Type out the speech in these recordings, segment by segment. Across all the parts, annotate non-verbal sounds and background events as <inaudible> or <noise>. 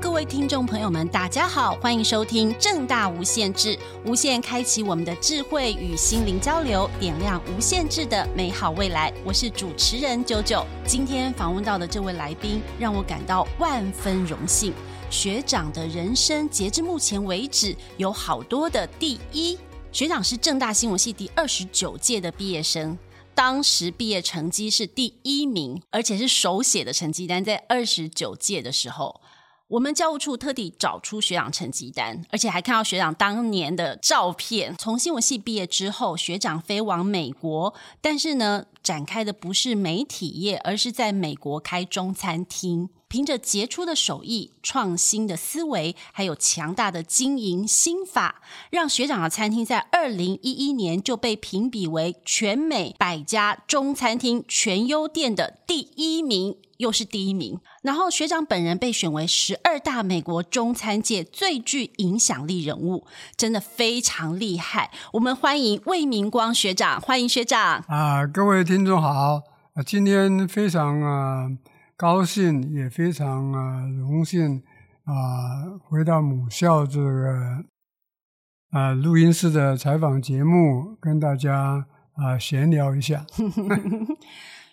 各位聽眾朋友們，大家好，歡迎收聽政大無限制，無限開啟我們的智慧與心靈交流，點亮無限制的美好未來。我是主持人九九。今天訪問到的這位來賓，讓我感到萬分榮幸。學長的人生，截至目前為止，有好多的第一。學長是政大新聞系第二十九屆的畢業生，當時畢業成績是第一名，而且是手寫的成績單，但在二十九屆的時候。我們教務處特地找出學長成績單，而且還看到學長當年的照片。從新聞系畢業之後，學長飛往美國，但是呢，展開的不是媒體業，而是在美國開中餐廳。憑着傑出的手藝、創新的思維，還有強大的經營心法，讓學長的餐廳在二零一一年就被評比為全美百家中餐廳全優店的第一名，又是第一名。然後學長本人被選為十二大美國中餐界最具影響力人物，真的非常厲害。我們歡迎魏明光學長，歡迎學長。啊，各位聽眾好，今天非常啊高興，也非常啊榮幸啊回到母校這個啊錄音室的採訪節目，跟大家啊閒聊一下。 <laughs>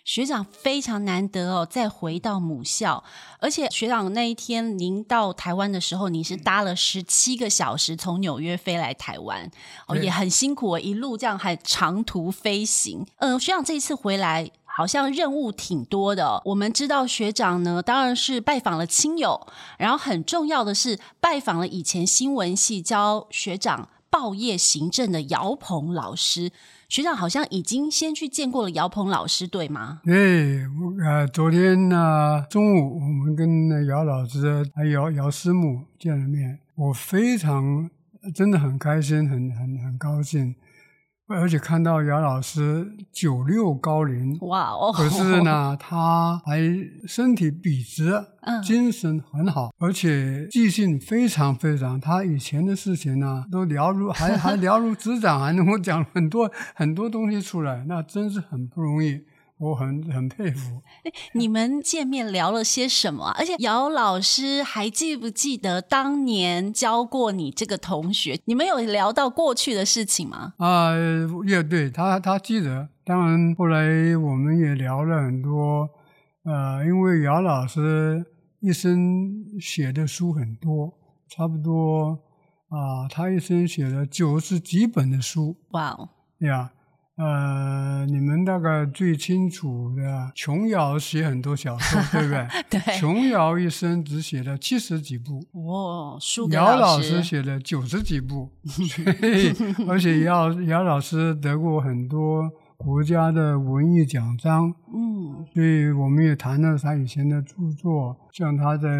學長非常難得哦，再回到母校，而且學長那一天您到台灣的時候，你是搭了十七個小時從紐約飛來台灣。哦，也很辛苦哦，一路這樣還長途飛行。嗯，學長這一次回來好像任務挺多的哦。我們知道學長呢，當然是拜訪了親友，然後很重要的是拜訪了以前新聞系教學長報業行政的姚朋老師。學長好像已經先去見過了姚朋老師，對嗎？對，我呃昨天呢、啊、中午我們跟姚老師、姚姚師母見了面，我非常真的很開心，很很很高興。而且看到姚老師九六高齡哇，Wow . oh. 可是呢，他還身體筆直，精神很好，uh. 而且記性非常非常。他以前的事情呢，都了如還還了如指掌， <laughs> 還能夠講了很多很多東西出來，那真是很不容易。我很很佩服。 <laughs> 你們見面聊了些什麼？而且姚老師還記不記得當年教過你這個同學？你們有聊到過去的事情嗎？啊，也對，他他記得。當然，後來我們也聊了很多。呃，因為姚老師一生寫的書很多，差不多啊，呃，他一生寫了九十幾本的書。哇哦 Wow.！對呃，你們大概最清楚的，瓊瑤寫很多小說，對不對？ <laughs> 對。瓊瑤一生只寫了七十幾部。哦，舒老姚老師寫了九十幾部， <laughs> 而且姚姚老師得過很多國家的文藝獎章。嗯。所以我們也談到他以前的著作，像他在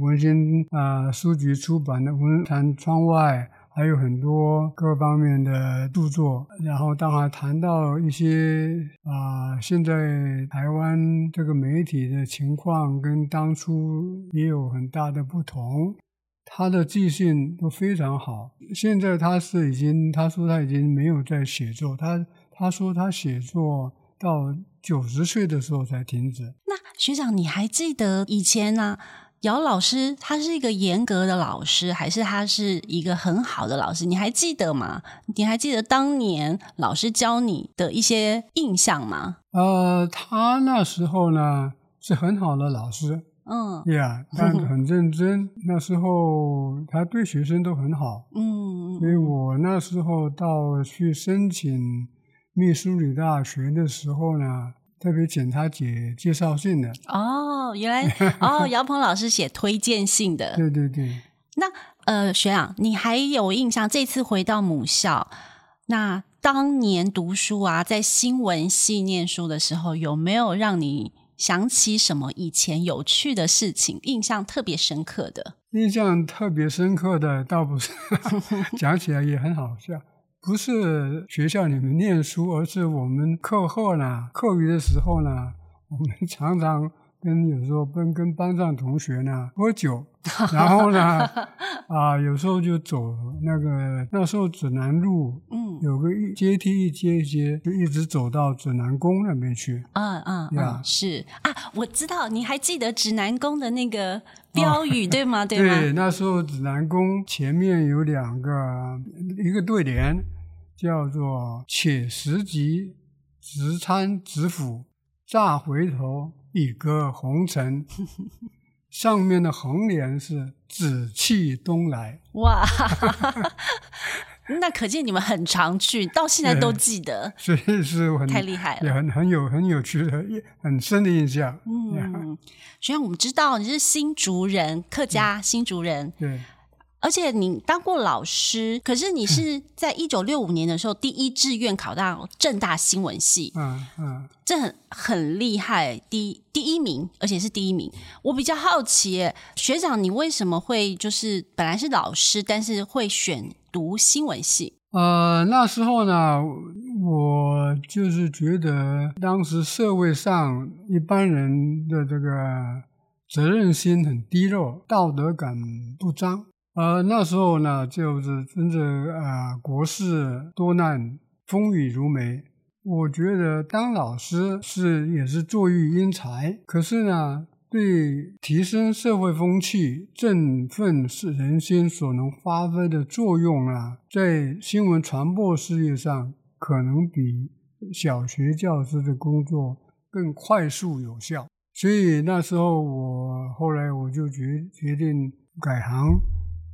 文心啊、呃、書局出版的《文壇窗外》。還有很多各方面的著作，然後當然談到一些啊、呃，現在臺灣這個媒體的情況跟當初也有很大的不同。他的記性都非常好，現在他是已經他說他已經沒有在寫作，他他說他寫作到九十歲的時候才停止。那學長，你還記得以前呢、啊？姚老師他是一個嚴格的老師，還是他是一個很好的老師？你還記得嗎？你還記得當年老師教你的一些印象嗎？呃，他那時候呢是很好的老師，嗯，對啊，但很認真。 <laughs> 那時候他對學生都很好，嗯，所以我那時候到去申請密蘇里大學的時候呢。特別請他寫介紹信的哦，原來 <laughs> 哦，姚朋老師寫推薦信的， <laughs> 對對對。那。那呃，學長，你還有印象？這次回到母校，那當年讀書啊，在新聞系念書的時候，有沒有讓你想起什麼以前有趣的事情？印象特別深刻的，印象特別深刻的倒不是， <laughs> <laughs> 講起來也很好笑。不是學校裡面念書，而是我們課後呢、課餘的時候呢，我們常常跟有時候跟跟班上同學呢喝酒，然後呢， <laughs> 啊，有時候就走那個那時候指南路，嗯，有個一階梯一階一階就一直走到指南宮那邊去，嗯 Yeah 嗯，是啊，我知道，你還記得指南宮的那個標語、哦、對嗎？對吧？ <laughs> 對，那時候指南宮前面有兩個一個對聯。叫做且食極，直餐直腐，乍回頭已隔紅塵。上面的橫聯是紫氣東來。哇， <laughs> 那可見你們很常去，到現在都記得。所以是我太厲害了，很很有很有趣的很深的印象。嗯，雖然樣我們知道你是新竹人，客家、嗯、新竹人，對。而且你當過老師，可是你是在一九六五年的時候第一志願考到政大新聞系，嗯嗯，嗯，這很很厲害，第一第一名，而且是第一名。我比較好奇，學長你為什麼會就是本來是老師，但是會選讀新聞系？呃，那時候呢，我就是覺得當時社會上一般人的這個責任心很低落，道德感不彰。呃，那時候呢，就是真的，呃，國事多難，風雨如晦。我覺得當老師是也是作育英才，可是呢，對提升社會風氣、振奮是人心所能發揮的作用啊，在新聞傳播事業上，可能比小學教師的工作更快速有效。所以那時候我，我後來我就決決定改行。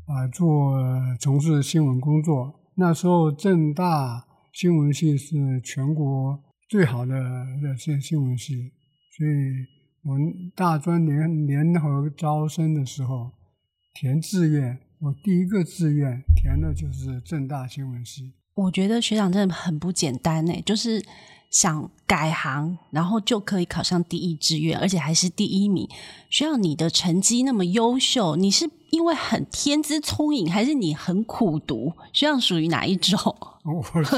啊，做從事新聞工作。那時候政大新聞系是全國最好的那些新聞系，所以我大專聯聯合招生的時候填志願，我第一個志願填的就是政大新聞系。我覺得學長真的很不簡單呢，就是。想改行，然後就可以考上第一志願，而且還是第一名。學長，你的成績那麼優秀，你是因為很天資聰穎，還是你很苦讀？學長屬於哪一種？我是，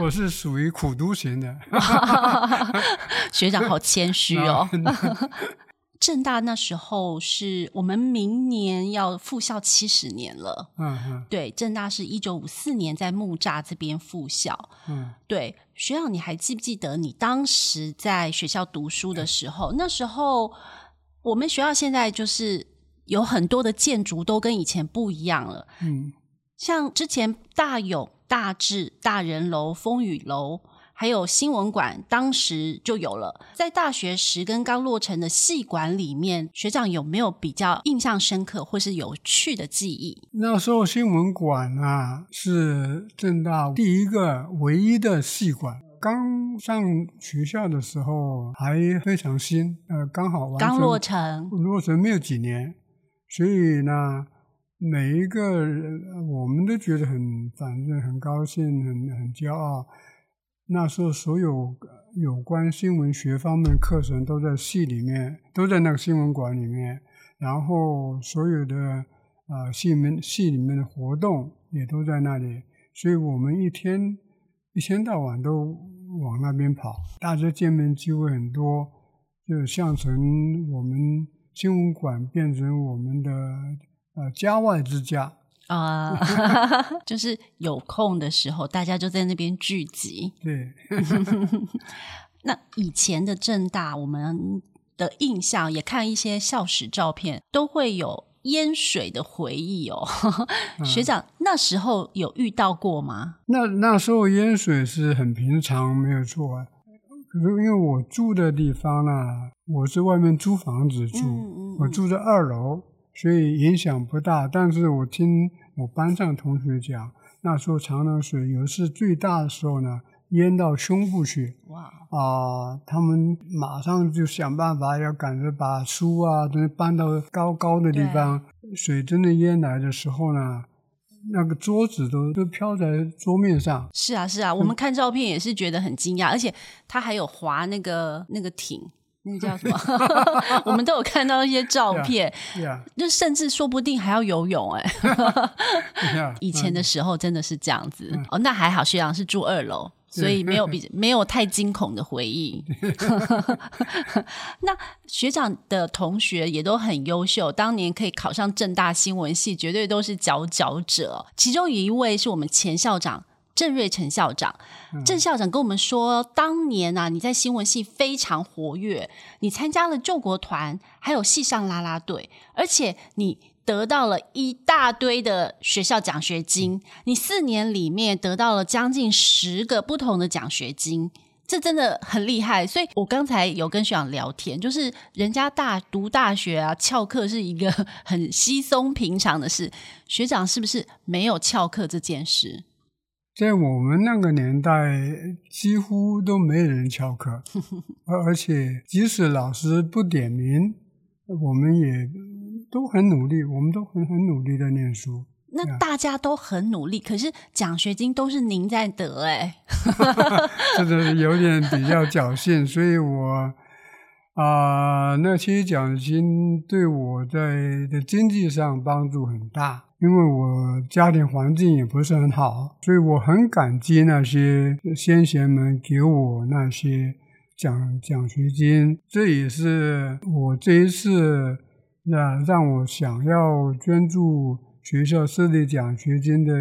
我是屬於苦讀型的。 <laughs> 學長好謙虛哦。 <laughs> 政大那時候是我們明年要復校七十年了。Uh huh. 對，政大是一九五四年在木柵這邊復校。Uh huh. 對，學校你還記不記得你當時在學校讀書的時候？Uh huh. 那時候我們學校現在就是有很多的建築都跟以前不一樣了。Uh huh. 像之前大勇、大智、大人樓、風雨樓。還有新聞館，當時就有了。在大學時，跟剛落成的系館裡面，學長有沒有比較印象深刻或是有趣的記憶？那時候新聞館啊，是政大第一個唯一的系館。剛上學校的時候還非常新，呃，剛好完成剛落成，落成沒有幾年，所以呢，每一個人我們都覺得很，反正很高興，很很驕傲。那時候，所有有關新聞學方面的課程都在系裡面，都在那個新聞館裡面。然後，所有的啊、呃、系門、系裡面的活動也都在那裡。所以我們一天一天到晚都往那邊跑，大家見面機會很多。就像從我們新聞館變成我們的呃家外之家。啊，呃、 <laughs> 就是有空的時候，大家就在那邊聚集。對， <laughs> <laughs> 那以前的政大，我們的印象也看一些校史照片，都會有淹水的回憶哦。 <laughs> 學長，啊、那時候有遇到過嗎？那那時候淹水是很平常，沒有錯。可是因為我住的地方呢、啊，我是外面租房子住，嗯嗯嗯，我住在二樓。所以影響不大，但是我聽我班上同學講，那時候長江水有一次最大的時候呢，淹到胸部去。哇！啊，他們馬上就想辦法要趕着把書啊都搬到高高的地方。啊、水真的淹來的時候呢，那個桌子都都飄在桌面上。是啊，是啊，是啊嗯、我們看照片也是覺得很驚訝，而且他還有划那個那個艇。那個叫什麼？ <laughs> <laughs> 我們都有看到一些照片，yeah, yeah. 就甚至說不定還要游泳哎、欸！ <laughs> 以前的時候真的是這樣子哦，yeah, um. oh, 那還好學長是住二樓，Yeah. 所以沒有比 <laughs> 沒有太驚恐的回憶。 <laughs> 那學長的同學也都很優秀，當年可以考上政大新聞系，絕對都是佼佼者。其中有一位是我們前校長。鄭瑞城校長，鄭校長跟我們說，嗯，當年啊，你在新聞系非常活躍，你參加了救國團，還有系上啦啦隊，而且你得到了一大堆的學校獎學金。你四年裡面得到了將近十個不同的獎學金，這真的很厲害。所以我剛才有跟學長聊天，就是人家大讀大學啊，翹課是一個很稀鬆平常的事。學長是不是沒有翹課這件事？在我們那個年代，幾乎都沒人翹課，而 <laughs> 而且即使老師不點名，我們也都很努力，我們都很很努力在念書。那大家都很努力，嗯、可是獎學金都是您在得哎。這個有點比較僥倖， <laughs> 所以我啊、呃，那其實獎學金對我在在經濟上幫助很大。因為我家庭環境也不是很好，所以我很感激那些先賢們給我那些獎獎學金。這也是我這一次那、啊、讓我想要捐助學校設立獎學金的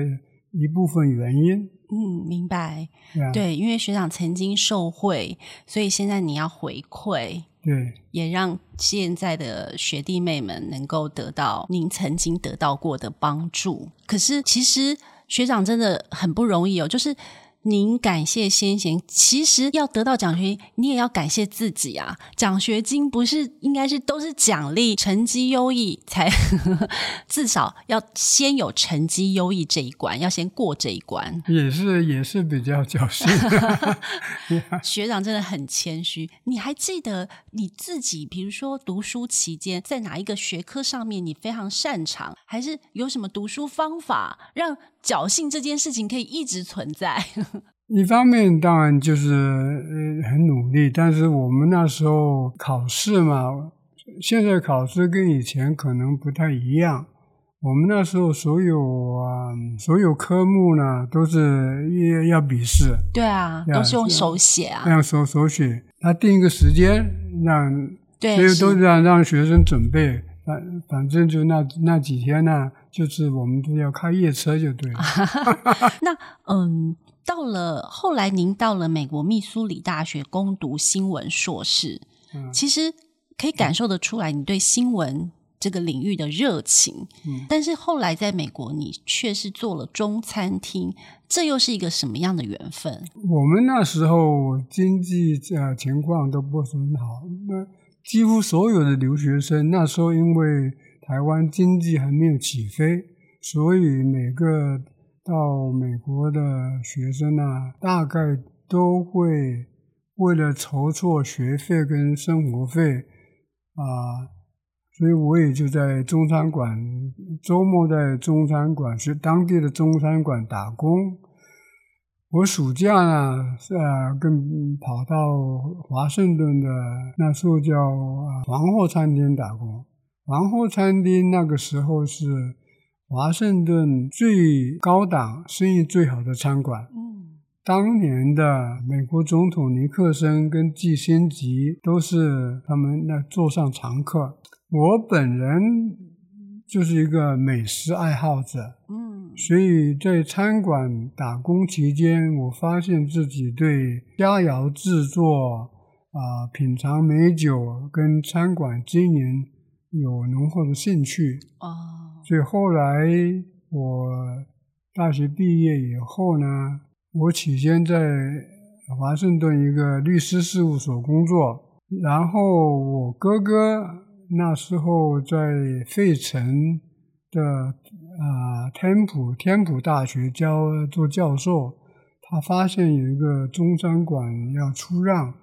一部分原因。嗯，明白。啊、對，因為學長曾經受惠，所以現在你要回饋。嗯，也讓現在的學弟妹們能夠得到您曾經得到過的幫助。可是，其實學長真的很不容易哦，就是。您感謝先賢，其實要得到獎學金，你也要感謝自己啊。獎學金不是應該是都是獎勵成績優異才呵呵，至少要先有成績優異這一關，要先過這一關。也是也是比較僥倖的， <laughs> 學長真的很謙虛。Yeah. 你還記得你自己，比如說讀書期間在哪一個學科上面你非常擅長，還是有什麼讀書方法讓僥倖這件事情可以一直存在？一方面當然就是呃很努力，但是我們那時候考試嘛，現在考試跟以前可能不太一樣。我們那時候所有啊、嗯，所有科目呢都是要筆試。對啊，要都是用手寫啊，那手手寫。他定一個時間，讓對，所以都是讓讓學生準備。反是反正就那那幾天呢，就是我們都要開夜車，就對了。 <laughs> 那嗯。到了後來，您到了美國密蘇里大學攻讀新聞碩士，嗯，其實可以感受得出來你對新聞這個領域的熱情。嗯，但是後來在美國，你卻是做了中餐廳，這又是一個什麼樣的緣分？我們那時候經濟情況都不是很好，那幾乎所有的留學生那時候因為台灣經濟還沒有起飛，所以每個。到美國的學生呢，大概都會為了籌措學費跟生活費啊，所以我也就在中餐館，周末在中餐館去當地的中餐館打工。我暑假呢，是、啊、跟跑到華盛頓的那時候叫皇后餐廳打工。皇后餐廳那個時候是。華盛頓最高檔、生意最好的餐館，嗯，當年的美國總統尼克森跟基辛格都是他們那座上常客。我本人就是一個美食愛好者，嗯，所以在餐館打工期間，我發現自己對佳肴制作、啊、呃、品嘗美酒跟餐館經營有濃厚的興趣。啊所以後來我大學畢業以後呢，我起先在華盛頓一個律師事務所工作，然後我哥哥那時候在費城的啊天普天普大學教做教授，他發現有一個中餐館要出讓，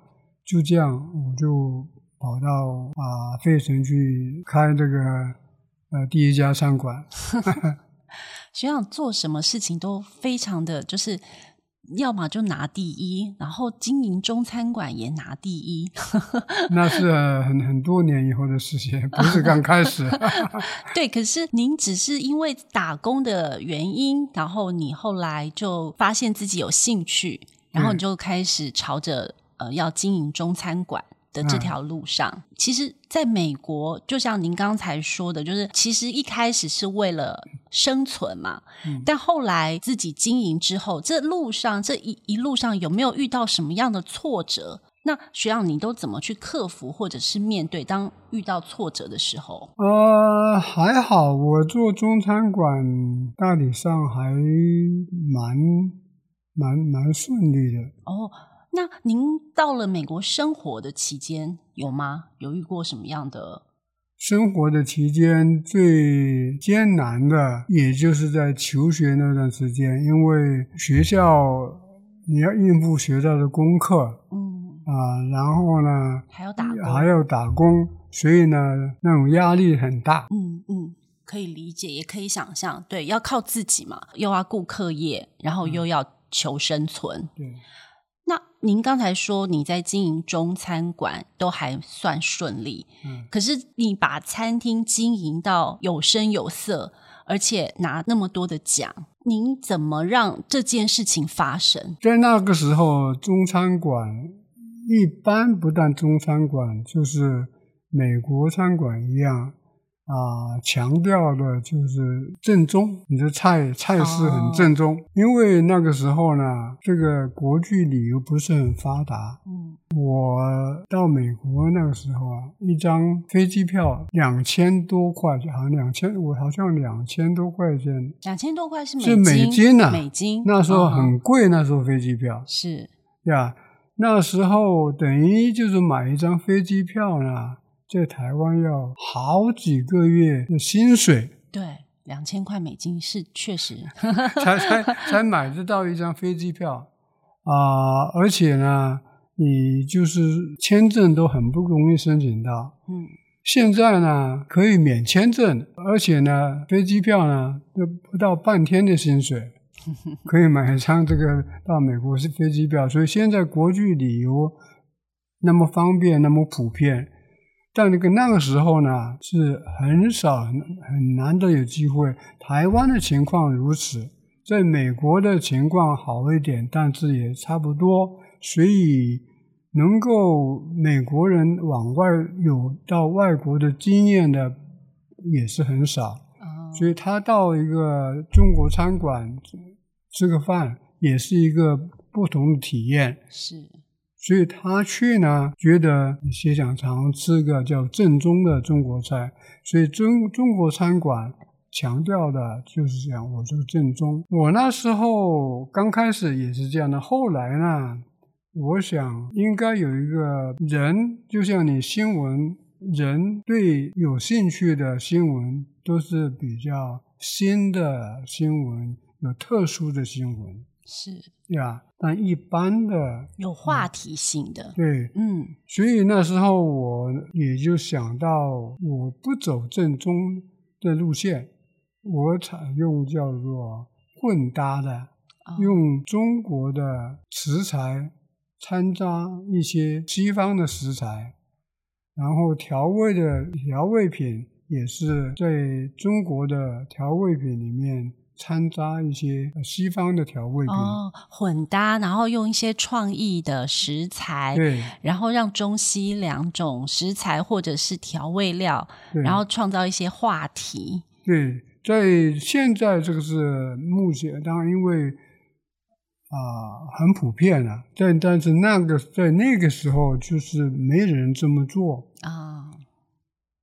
就這樣我就跑到啊費城去開這個。第一家餐館 <laughs> ，學長做什麼事情都非常的就是，要麼就拿第一，然後經營中餐館也拿第一。 <laughs> 那是很很多年以後的事情，不是剛開始。 <laughs> <laughs> 對，可是您只是因為打工的原因，然後你後來就發現自己有興趣，然後你就開始朝着對呃要經營中餐館。的這條路上，啊、其實，在美國，就像您剛才說的，就是其實一開始是為了生存嘛。嗯、但後來自己經營之後，這路上這一一路上有沒有遇到什麼樣的挫折？那學長，你都怎麼去克服或者是面對？當遇到挫折的時候，呃，還好，我做中餐館，大體上還蠻蠻蠻，蠻順利的。哦。那您到了美國生活的期間有嗎？有遇過什麼樣的？生活的期間最艱難的，也就是在求學那段時間，因為學校你要應付學校的功課，嗯啊、呃，然後呢還要打還要打工，所以呢那種壓力很大。嗯嗯，可以理解，也可以想象，對，要靠自己嘛，又要顧課業，然後又要求生存，嗯、對。那您剛才說你在經營中餐館都還算順利，嗯，可是你把餐廳經營到有聲有色，而且拿那麼多的獎，您怎麼讓這件事情發生？在那個時候，中餐館一般不但中餐館，就是美國餐館一樣。啊、呃，強調的就是正宗，你的菜菜式很正宗。哦、因為那個時候呢，這個國際旅遊不是很發達。嗯，我到美國那個時候啊，一張飛機票兩千多塊，好像兩千我好像兩千多塊錢。兩千多塊是美金呢？是美金、啊、是美金，那時候很貴，哦、那時候飛機票是呀，那時候等於就是買一張飛機票呢。在台灣要好幾個月的薪水，對，兩千塊美金是確實 <laughs> 才，才才才買得到一張飛機票啊。呃，而且呢，你就是簽證都很不容易申請到。嗯，現在呢可以免簽證，而且呢飛機票呢都不到半天的薪水，可以買一張這個到美國是飛機票。所以現在國際旅遊那麼方便，那麼普遍。在那個那個時候呢，是很少、很難得有機會。台灣的情況如此，在美國的情況好一點，但是也差不多。所以，能夠美國人往外有到外國的經驗的，也是很少。所以，他到一個中國餐館吃個飯，也是一個不同的體驗。是。所以他去呢，覺得寫想嘗吃個叫正宗的中國菜。所以中中國餐館強調的就是講我是正宗。我那時候剛開始也是這樣的，後來呢，我想應該有一個人，就像你新聞，人對有興趣的新聞都是比較新的新聞，有特殊的新聞。是，對、yeah, 但一般的有話題性的，嗯、對，嗯，所以那時候我也就想到，我不走正宗的路線，我採用叫做混搭的，哦、用中國的食材摻雜一些西方的食材，然後調味的調味品也是在中國的調味品裡面。摻雜一些西方的調味品，哦，混搭，然後用一些創意的食材，對，然後讓中西兩種食材或者是調味料，對，然後創造一些話題。對，在現在這個是目前，當然因為啊，呃，很普遍了啊。但但是那個在那個時候，就是沒人這麼做啊。哦。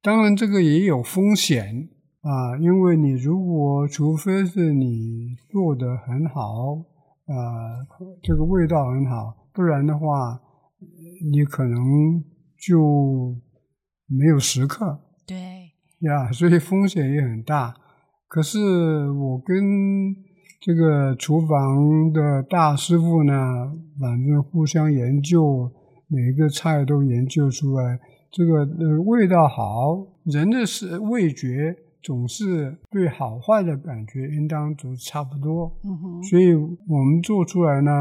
當然，這個也有風險。啊，因為你如果除非是你做得很好，啊，這個味道很好，不然的話，你可能就沒有食客。對呀，所以風險也很大。可是我跟這個廚房的大師傅呢，反正互相研究，每一個菜都研究出來，這個味道好，人的食味覺。總是對好壞的感覺應當都差不多，嗯、哼所以我們做出來呢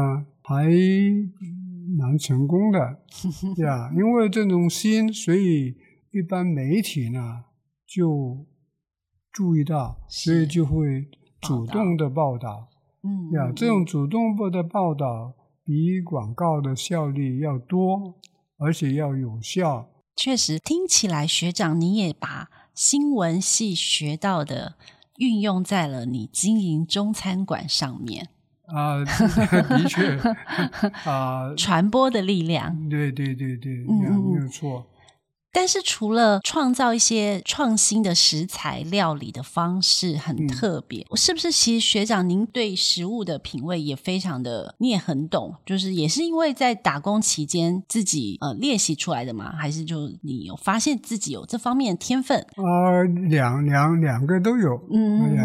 還蠻成功的， <laughs> 因為這種心，所以一般媒體呢就注意到，所以就會主動的報、報道嗯，呀，這種主動的報道比廣告的效率要多，而且要有效。確實，聽起來學長你也把。新聞系學到的運用在了你經營中餐館上面啊。呃，的確啊，傳、 <laughs> 呃、播的力量，對對對對，嗯、沒有錯。但是除了創造一些創新的食材料理的方式，很特別，嗯、是不是？其實學長，您對食物的品味也非常的，你也很懂，就是也是因為在打工期間自己呃練習出來的嗎？還是就你有發現自己有這方面的天分？啊、呃，兩兩兩個都有，嗯。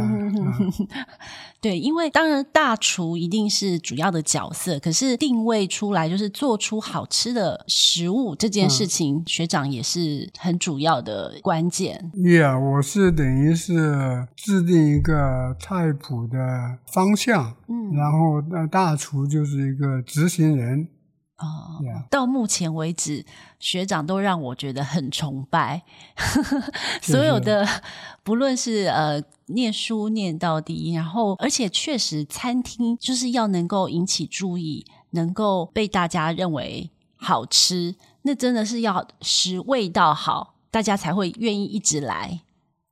哎 <laughs> 對，因為當然大廚一定是主要的角色，可是定位出來就是做出好吃的食物這件事情，嗯、學長也是很主要的關鍵。Yeah，我是等於是制定一個菜譜的方向，嗯，然後那大廚就是一個執行人。啊，uh, Yeah. 到目前為止，學長都讓我覺得很崇拜。 <laughs> 實所有的，不論是呃，念書念到第一，然後而且確實餐廳就是要能夠引起注意，能夠被大家認為好吃，那真的是要食味道好，大家才會願意一直來。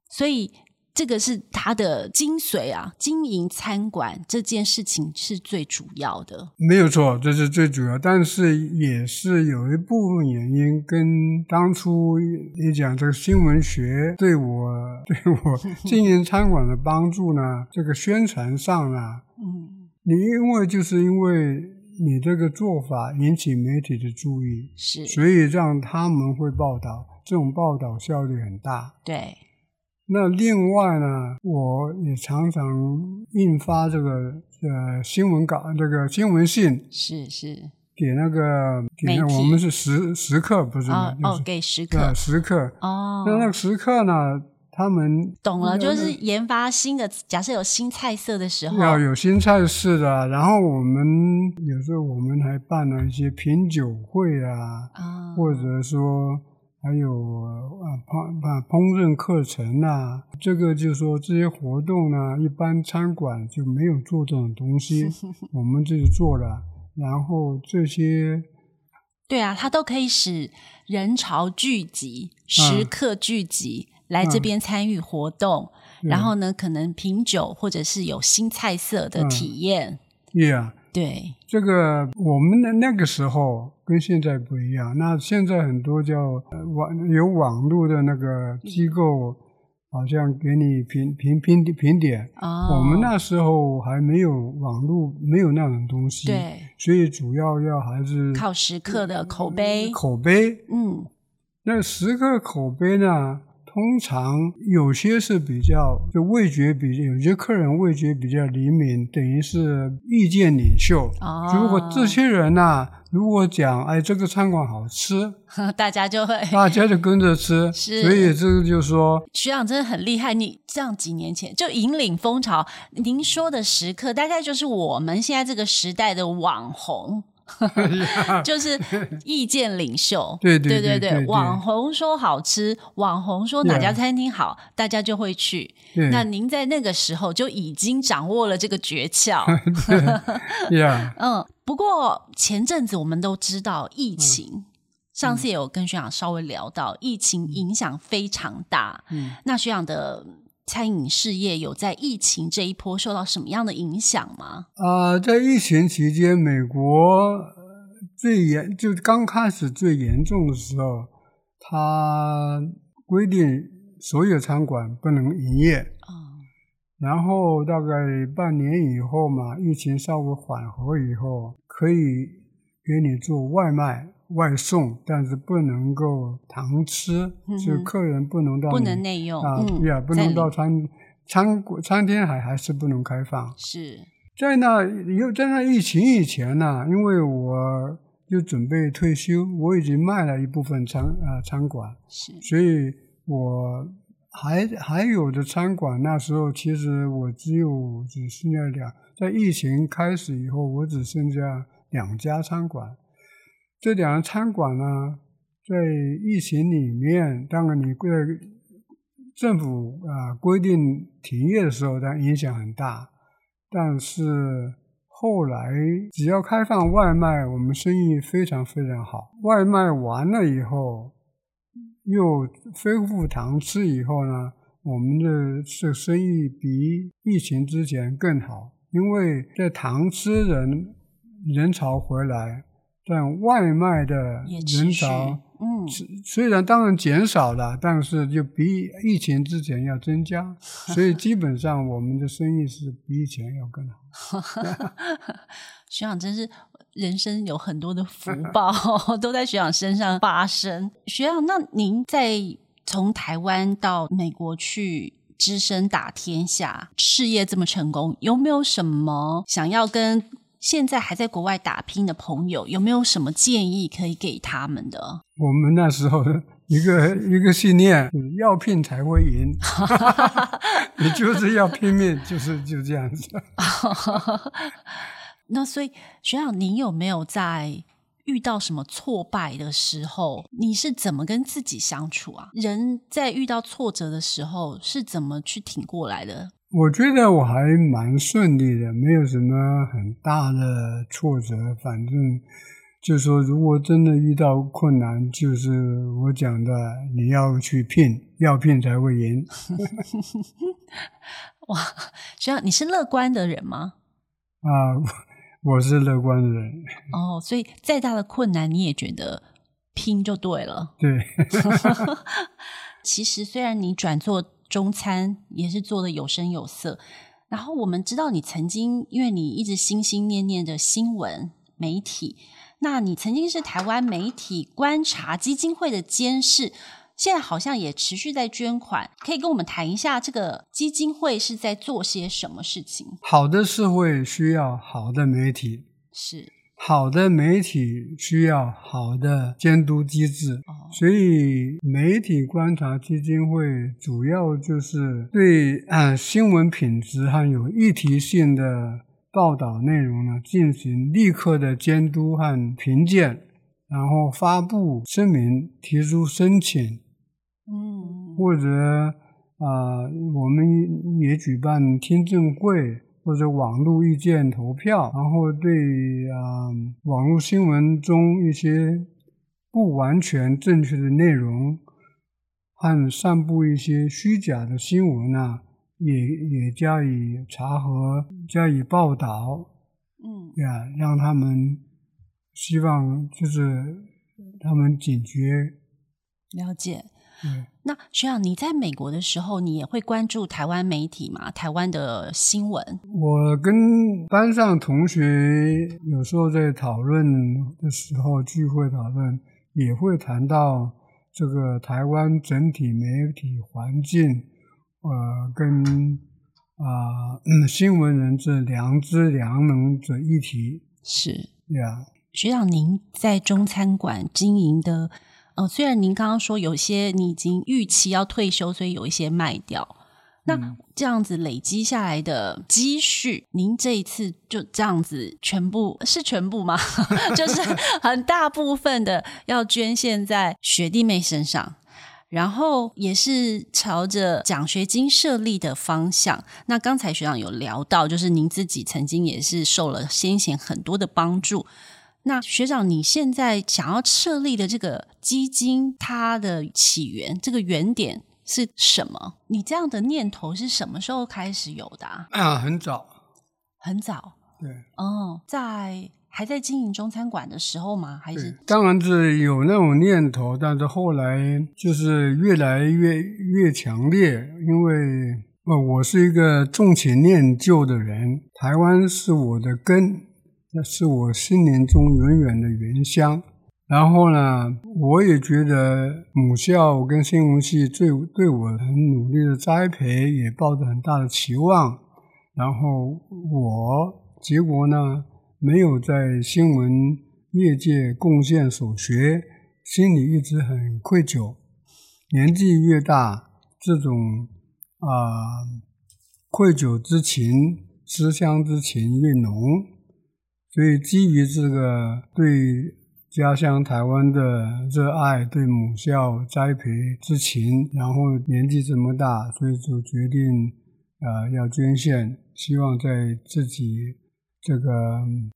所以。這個是他的精髓啊，經營餐館這件事情是最主要的，沒有錯，這是最主要。但是也是有一部分原因，跟當初你講這個新聞學對我對我經營餐館的幫助呢， <laughs> 這個宣傳上呢，嗯，你因為就是因為你這個做法引起媒體的注意，是，所以讓他們會報道，這種報道效率很大，對。那另外呢，我也常常印發這個呃新聞稿，這個新聞信是是給那個給那個、體我們是食食客，不是哦，給食客，食客刻，哦。那那個食客呢，他們懂了，就是研發新的，假設有新菜色的時候，要有新菜式的。然後我們有時候我們還辦了一些品酒會啊，oh. 或者說。還有啊，烹啊烹飪課程吶、啊，這個就是說，這些活動呢，一般餐館就沒有做這種東西， <laughs> 我們自己做的。然後這些，對啊，它都可以使人潮聚集，食客聚集、啊、來這邊參與活動。啊、然後呢，對可能品酒或者是有新菜色的體驗。啊、Yeah. 對這個，我們的那個時候跟現在不一樣。那現在很多叫網有網絡的那個機構，好像給你評評評評點。哦，我們那時候還沒有網絡，沒有那種東西。對，所以主要要還是靠食客的口碑。嗯，口碑，嗯，那食客口碑呢？通常有些是比較就味覺比有些客人味覺比較靈敏，等於是意見領袖。哦、如果這些人吶、啊，如果講哎這個餐館好吃，大家就會大家就跟着吃。是，所以這個就說學長真的很厲害。你這樣幾年前就引領風潮，您說的食客大概就是我們現在這個時代的網紅。 <laughs> yeah, 就是意見領袖， <laughs> 對，對對對對，網紅說好吃，網紅說哪家餐廳好，Yeah. 大家就會去。Yeah. 那您在那個時候就已經掌握了這個訣竅， <laughs> <laughs> 對 Yeah. 嗯。不過前陣子我們都知道疫情，嗯、上次也有跟學長稍微聊到，疫情影響非常大。嗯、那學長的。餐飲事業有在疫情這一波受到什麼樣的影響嗎？啊、呃，在疫情期間，美國最嚴，就剛開始最嚴重的時候，他規定所有餐館不能營業。啊、嗯，然後大概半年以後嘛，疫情稍微緩和以後，可以給你做外賣。外送，但是不能夠堂吃，嗯嗯，就客人不能到，不能內用啊，也不能到餐餐館、餐廳還還是不能開放。是在那又在那疫情以前呢、啊，因為我就準備退休，我已經賣了一部分餐啊、呃、餐館，是所以我還還有的餐館那時候其實我只有我只剩下兩，在疫情開始以後，我只剩下兩家餐館。這兩個餐館呢，在疫情裡面，當然你在政府啊、呃、規定停業的時候，它影響很大。但是後來只要開放外賣，我們生意非常非常好。外賣完了以後，又恢復、復堂吃以後呢，我們的這生意比疫情之前更好，因為在堂吃人人潮回來。但外賣的人少，嗯，雖然當然減少了，但是就比疫情之前要增加，呵呵，所以基本上我們的生意是比以前要更好。學長真是人生有很多的福報，呵呵，都在學長身上發生。學長，那您在從台灣到美國去，只身打天下，事業這麼成功，有沒有什麼想要跟？現在還在國外打拼的朋友，有沒有什麼建議可以給他們的？我們那時候一個一個信念，要拼才會贏， <laughs> <laughs> 你就是要拼命，就是就這樣子。 <laughs> 那所以，學長你有沒有在遇到什麼挫敗的時候？你是怎麼跟自己相處啊？人在遇到挫折的時候是怎麼去挺過來的？我覺得我還蠻順利的，沒有什麼很大的挫折。反正就是說，如果真的遇到困難，就是我講的，你要去拼，要拼才會贏。 <laughs> 哇，這要你是樂觀的人嗎？啊，我是樂觀的人。哦，oh, 所以再大的困難你也覺得拼就對了。對。 <laughs> <laughs> 其實雖然你轉做中餐也是做的有聲有色，然後我們知道你曾經，因為你一直心心念念的新聞媒體，那你曾經是台灣媒體觀察基金會的監事，現在好像也持續在捐款，可以跟我們談一下這個基金會是在做些什麼事情？好的社會需要好的媒體，是。好的媒體需要好的監督機製，所以媒體觀察基金會主要就是對、呃、新聞品質和有議題性的報道內容呢進行立刻的監督和評鑑，然後發布聲明、提出申請，嗯，或者啊、呃，我們也舉辦聽證會。或者網絡意見投票，然後對啊、嗯，網絡新聞中一些不完全正確的內容和散布一些虛假的新聞啊，也也加以查核、加以報道，嗯，啊，讓他們希望就是他們警覺了解。嗯，對那學長，你在美國的時候，你也會關注台灣媒體嗎？台灣的新聞？我跟班上同學有時候在討論的時候，聚會討論也會談到這個台灣整體媒體環境，呃，跟呃、嗯、新聞人之良知良能這一題是，Yeah. 學長，您在中餐館經營的。哦，雖然您剛剛說有些你已經預期要退休，所以有一些賣掉，那這樣子累積下來的積蓄，您這一次就這樣子全部是全部嗎？ <laughs> 就是很大部分的要捐獻在學弟妹身上，然後也是朝着獎學金設立的方向。那剛才學長有聊到，就是您自己曾經也是受了先賢很多的幫助。那學長，你現在想要設立的這個基金，它的起源，這個原點是什麼？你這樣的念頭是什麼時候開始有的？啊，很早，很早，對，嗯、哦，在還在經營中餐館的時候嗎？還是？當然是有那種念頭，但是後來就是越來越越強烈，因為呃，我是一個重情念舊的人，台灣是我的根，那是我心靈中永遠的原鄉。然後呢，我也覺得母校跟新聞系最對我很努力的栽培，也抱着很大的期望。然後我結果呢，沒有在新聞業界貢獻所學，心裡一直很愧疚。年紀越大，這種啊、呃、愧疚之情、思鄉之情越濃。所以基於這個對家鄉台灣的熱愛，對母校栽培之情，然後年紀這麼大，所以就決定啊，呃，要捐獻，希望在自己。這個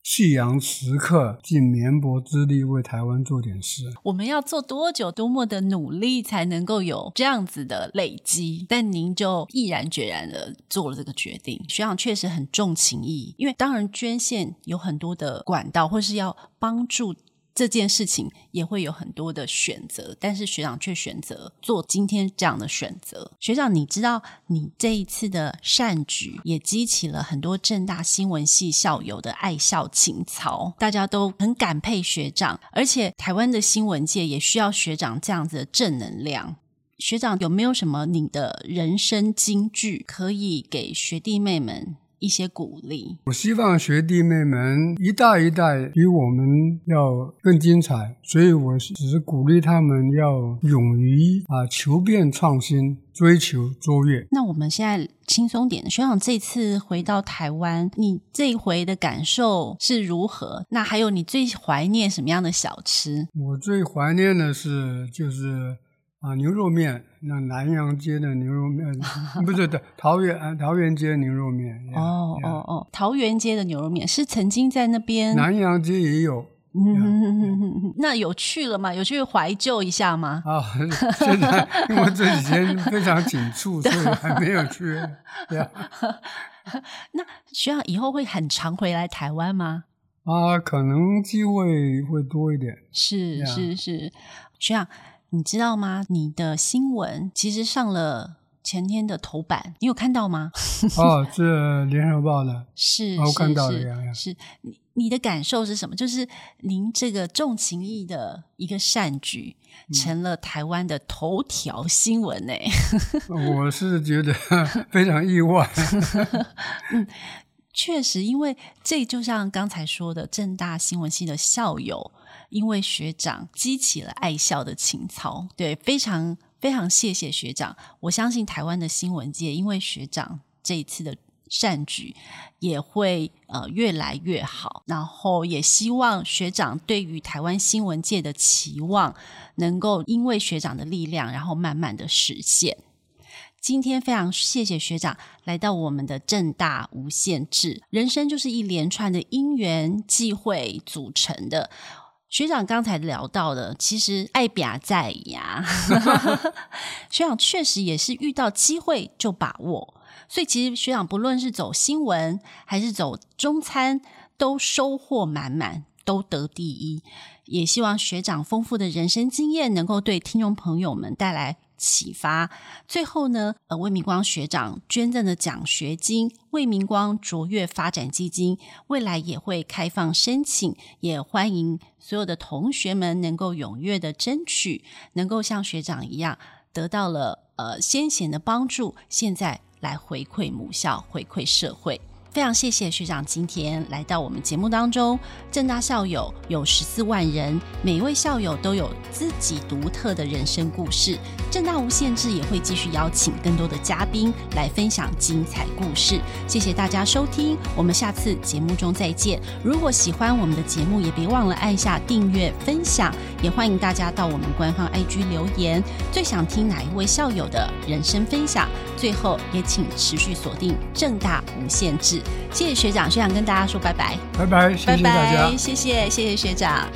夕陽時刻，盡綿薄之力為台灣做點事。我們要做多久、多麼的努力才能夠有這樣子的累積？但您就毅然決然的做了這個決定。學長確實很重情義，因為當然捐獻有很多的管道，或是要幫助。這件事情也會有很多的選擇，但是學長卻選擇做今天這樣的選擇。學長，你知道，你這一次的善舉也激起了很多政大新聞系校友的愛校情操，大家都很感佩學長，而且台灣的新聞界也需要學長這樣子的正能量。學長有沒有什麼你的人生金句可以給學弟妹們？一些鼓勵，我希望學弟妹們一代一代比我們要更精彩，所以我只是鼓勵他們要勇於啊求變創新，追求卓越。那我們現在輕鬆點，學長這次回到台灣，你這一回的感受是如何？那還有你最懷念什麼樣的小吃？我最懷念的是就是。啊，牛肉麵，那南洋街的牛肉麵不是的，桃源、桃源街牛肉麵。哦哦哦，桃源街的牛肉麵是曾經在那邊。南洋街也有。嗯，那有去了嗎？有去懷舊一下嗎？啊，現在因為這幾天非常緊促，所以還沒有去。那學長以後會很常回來台灣嗎？啊，可能機會會多一點。是是是，學長你知道嗎？你的新聞其實上了前天的頭版，你有看到嗎？ <laughs> 哦，這《聯合報》的，是，哦，我看到了，是，是，是。你你的感受是什麼？就是您這個重情義的一個善舉，成了台灣的頭條新聞呢？ <laughs> 我是覺得非常意外。 <laughs> 確實，因為這就像剛才說的，政大新聞系的校友，因為學長激起了愛校的情操，對，非常非常謝謝學長。我相信台灣的新聞界，因為學長這一次的善舉，也會呃越來越好。然後也希望學長對於台灣新聞界的期望，能夠因為學長的力量，然後慢慢地實現。今天非常謝謝學長來到我們的政大無限制。人生就是一連串的因緣際會組成的。學長剛才聊到的，其實愛表在呀、啊。 <laughs> 學長確實也是遇到機會就把握，所以其實學長不論是走新聞還是走中餐，都收穫滿滿，都得第一。也希望學長豐富的人生經驗能夠對聽眾朋友們帶來啟發。最後呢，呃，魏明光學長捐贈的獎學金，魏明光卓越發展基金，未來也會開放申請，也歡迎所有的同學們能夠踴躍的爭取，能夠像學長一樣，得到了呃先賢的幫助，現在來回饋母校，回饋社會。非常謝謝學長今天來到我們節目當中。政大校友有十四萬人，每一位校友都有自己獨特的人生故事。政大無限制也會繼續邀請更多的嘉賓來分享精彩故事。謝謝大家收聽，我們下次節目中再見。如果喜歡我們的節目，也別忘了按下訂閱、分享，也歡迎大家到我們官方 IG 留言，最想聽哪一位校友的人生分享？最後也請持續鎖定政大無限制。謝謝學長，學長跟大家說拜拜，拜拜，謝謝大家，拜拜，謝謝，謝謝學長。